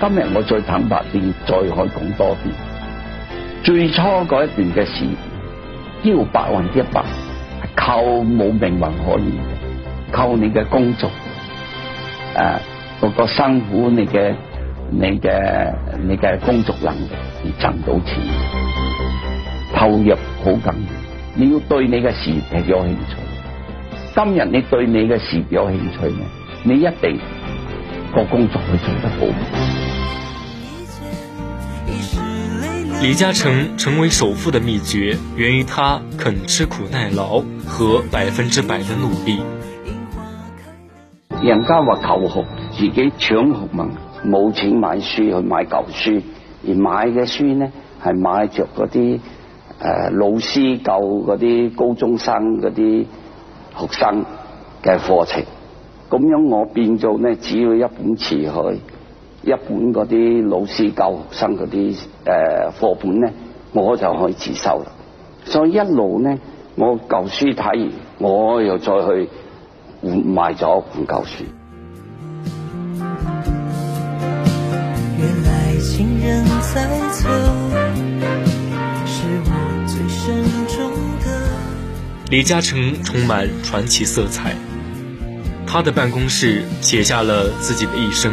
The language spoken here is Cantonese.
今日我再坦白啲，再可以講多啲。最初嗰一段嘅事，要百分之一百係靠冇命運可言嘅，靠你嘅工作，誒、啊，嗰個辛苦你嘅、你嘅、你嘅工作能力而賺到錢，投入好緊要，你要對你嘅事業有興趣。今日你對你嘅事業有興趣咩？你一定個工作去做得好。李嘉誠成為首富的秘訣，源於他肯吃苦耐勞和百分之百的努力。人家話求學，自己搶學問，冇錢買書去買舊書，而買嘅書呢，係買着嗰啲誒老師教嗰啲高中生嗰啲學生嘅課程。咁樣我變做呢，只要一本詞去。一本嗰啲老師教學生嗰啲誒課本咧，我就開始收啦。所以一路呢，我舊書睇完，我又再去換買咗本舊書。李嘉誠充滿傳奇色彩，他的辦公室寫下了自己的一生。